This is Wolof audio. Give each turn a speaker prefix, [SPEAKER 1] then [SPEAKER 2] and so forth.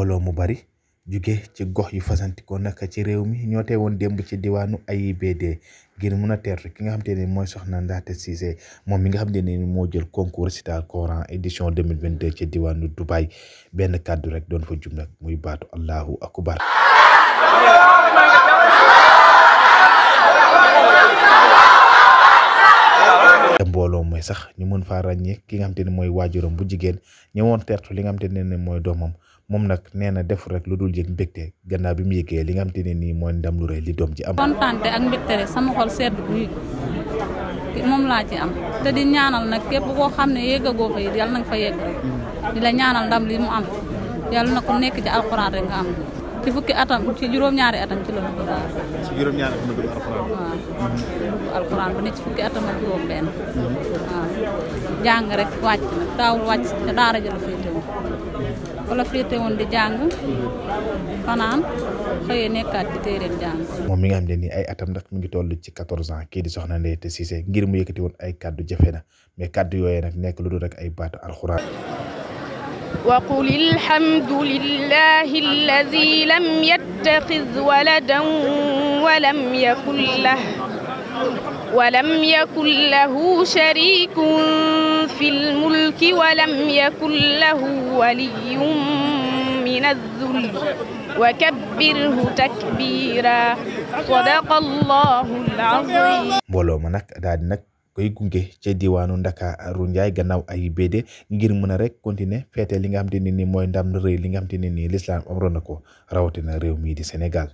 [SPEAKER 1] mbooloo mu bari juge ci gox yu fasantikoo naka ci réew mi ñoo woon démb ci diwaanu AIBD ngir mun a teertu ki nga xam te ne mooy soxna Ndaté Cissé moom mi nga xam te ne moo jël concours récital Coran édition 2022 ci diwaanu Dubaï benn kàddu rek doon fa jum nag muy baatu allahu akbar te mbooloo mooy sax ñu mën faa ràññee ki nga xam te ne mooy waajuram bu jigéen ñëwoon teertu li nga mooy doomam moom nag nee na def rek lu dul yëg mbégte gannaaw bi mu yëgee li nga xam te ne nii mooy ndam lu rëy li doom ji am.
[SPEAKER 2] kontaante ak mbégte rek sama xol sedd bi moom laa ci am te di ñaanal nag képp koo xam ne yëggagoo fa it yàlla na nga fa yegg rek di la ñaanal ndam mu am yàlla na ko nekk ci alxuraan rek nga am. ci fukki atam ci juróom-ñaari atam ci la dugg daal.
[SPEAKER 1] ci juróom-ñaari la dugg alxuraan.
[SPEAKER 2] waaw wala féete woon di jàng fanaan moom
[SPEAKER 1] mi nga xam ne ay atam nag mi ngi toll ci quatorze ans kii di soxna Ndeye Cissé ngir mu yëkkati woon ay kàddu jafe na mais kàddu nekk lu dul rek ay baat alxuraan
[SPEAKER 3] wa alhamdu lillahi alladi lam yattaxiz waladan walam yakun lahu walam yakun lahu في الملك ولم يكن له ولي من الذل وكبره تكبيرا صدق الله العظيم
[SPEAKER 1] mbooloo ma nag daal di nag koy gunge ca diwaanu Ndakaaru Njaay gannaaw ay bédé ngir mën a rek continuer feete li nga xam te ne nii mooy ndam rëy li nga xam te ne nii lislaam amroon na ko rawatina réew mii di Sénégal